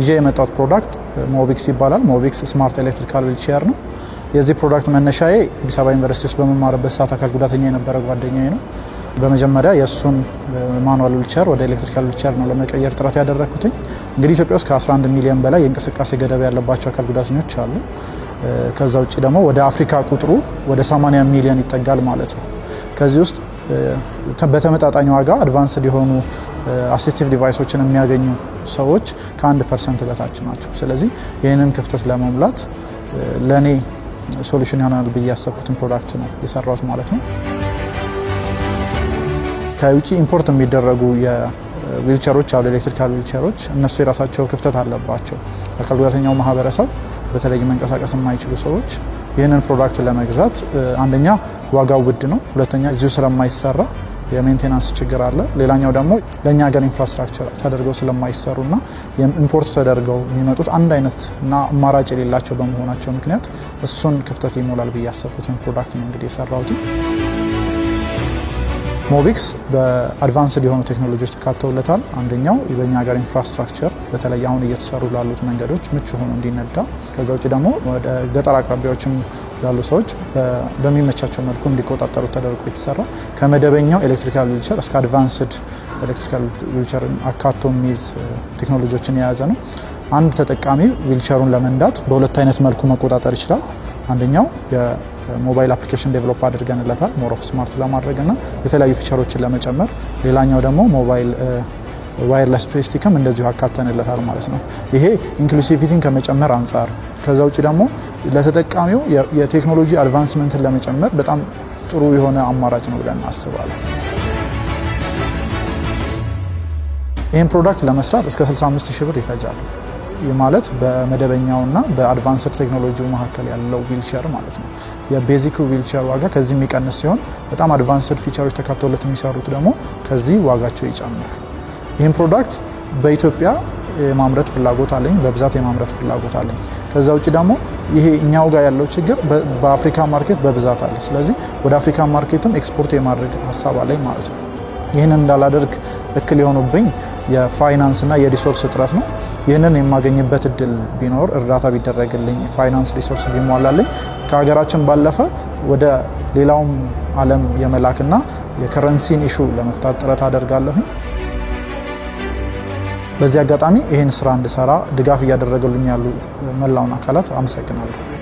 ይዤ የመጣሁት ፕሮዳክት ሞቢክስ ይባላል። ሞቢክስ ስማርት ኤሌክትሪካል ዊልቼር ነው። የዚህ ፕሮዳክት መነሻዬ አዲስ አበባ ዩኒቨርሲቲ ውስጥ በመማርበት ሰዓት አካል ጉዳተኛ የነበረ ጓደኛዬ ነው። በመጀመሪያ የእሱን ማኑዋል ዊልቸር ወደ ኤሌክትሪካል ዊልቸር ነው ለመቀየር ጥረት ያደረግኩትኝ። እንግዲህ ኢትዮጵያ ውስጥ ከ11 ሚሊዮን በላይ የእንቅስቃሴ ገደብ ያለባቸው አካል ጉዳተኞች አሉ። ከዛ ውጭ ደግሞ ወደ አፍሪካ ቁጥሩ ወደ 80 ሚሊዮን ይጠጋል ማለት ነው። ከዚህ ውስጥ በተመጣጣኝ ዋጋ አድቫንስድ የሆኑ አሲስቲቭ ዲቫይሶችን የሚያገኙ ሰዎች ከአንድ ፐርሰንት በታች ናቸው። ስለዚህ ይህንን ክፍተት ለመሙላት ለእኔ ሶሉሽን ይሆናል ብዬ ያሰብኩትን ፕሮዳክት ነው የሰራሁት ማለት ነው። ከውጭ ኢምፖርት የሚደረጉ ዊልቸሮች አሉ፣ ኤሌክትሪካል ዊልቸሮች። እነሱ የራሳቸው ክፍተት አለባቸው። አካል ጉዳተኛው ማህበረሰብ በተለይ መንቀሳቀስ የማይችሉ ሰዎች ይህንን ፕሮዳክት ለመግዛት አንደኛ ዋጋው ውድ ነው፣ ሁለተኛ እዚሁ ስለማይሰራ የሜንቴናንስ ችግር አለ። ሌላኛው ደግሞ ለእኛ ሀገር ኢንፍራስትራክቸር ተደርገው ስለማይሰሩና ኢምፖርት ተደርገው የሚመጡት አንድ አይነት እና አማራጭ የሌላቸው በመሆናቸው ምክንያት እሱን ክፍተት ይሞላል ብዬ ያሰብኩትን ፕሮዳክት ነው እንግዲህ የሰራሁት። ሞቢክስ በአድቫንስድ የሆኑ ቴክኖሎጂዎች ተካተውለታል። አንደኛው በእኛ ሀገር ኢንፍራስትራክቸር በተለይ አሁን እየተሰሩ ላሉት መንገዶች ምቹ ሆኖ እንዲነዳ፣ ከዛ ውጭ ደግሞ ወደ ገጠር አቅራቢያዎችም ላሉ ሰዎች በሚመቻቸው መልኩ እንዲቆጣጠሩ ተደርጎ የተሰራ ከመደበኛው ኤሌክትሪካል ዊልቸር እስከ አድቫንስድ ኤሌክትሪካል ዊልቸርን አካቶ የሚይዝ ቴክኖሎጂዎችን የያዘ ነው። አንድ ተጠቃሚ ዊልቸሩን ለመንዳት በሁለት አይነት መልኩ መቆጣጠር ይችላል። አንደኛው ሞባይል አፕሊኬሽን ዴቨሎፕ አድርገንለታል ሞር ኦፍ ስማርት ለማድረግ እና የተለያዩ ፊቸሮችን ለመጨመር። ሌላኛው ደግሞ ሞባይል ዋይርለስ ጆይስቲክም እንደዚሁ አካተንለታል ማለት ነው። ይሄ ኢንክሉሲቪቲን ከመጨመር አንጻር፣ ከዛ ውጭ ደግሞ ለተጠቃሚው የቴክኖሎጂ አድቫንስመንትን ለመጨመር በጣም ጥሩ የሆነ አማራጭ ነው ብለን አስባለን። ይህን ፕሮዳክት ለመስራት እስከ 65 ሺህ ብር ይፈጃል። ማለት በመደበኛውና በአድቫንስድ ቴክኖሎጂ መካከል ያለው ዊልቸር ማለት ነው። የቤዚክ ዊልቸር ዋጋ ከዚህ የሚቀንስ ሲሆን በጣም አድቫንስድ ፊቸሮች ተካተውለት የሚሰሩት ደግሞ ከዚህ ዋጋቸው ይጨምራል። ይህም ፕሮዳክት በኢትዮጵያ የማምረት ፍላጎት አለኝ፣ በብዛት የማምረት ፍላጎት አለኝ። ከዛ ውጭ ደግሞ ይሄ እኛው ጋር ያለው ችግር በአፍሪካ ማርኬት በብዛት አለ። ስለዚህ ወደ አፍሪካ ማርኬትም ኤክስፖርት የማድረግ ሀሳብ አለኝ ማለት ነው። ይህንን እንዳላደርግ እክል የሆኑብኝ የፋይናንስና የሪሶርስ እጥረት ነው። ይህንን የማገኝበት እድል ቢኖር እርዳታ ቢደረግልኝ፣ ፋይናንስ ሪሶርስ ቢሟላልኝ ከሀገራችን ባለፈ ወደ ሌላውም ዓለም የመላክና የከረንሲን ኢሹ ለመፍታት ጥረት አደርጋለሁኝ። በዚህ አጋጣሚ ይህን ስራ እንድሰራ ድጋፍ እያደረገልኝ ያሉ መላውን አካላት አመሰግናለሁ።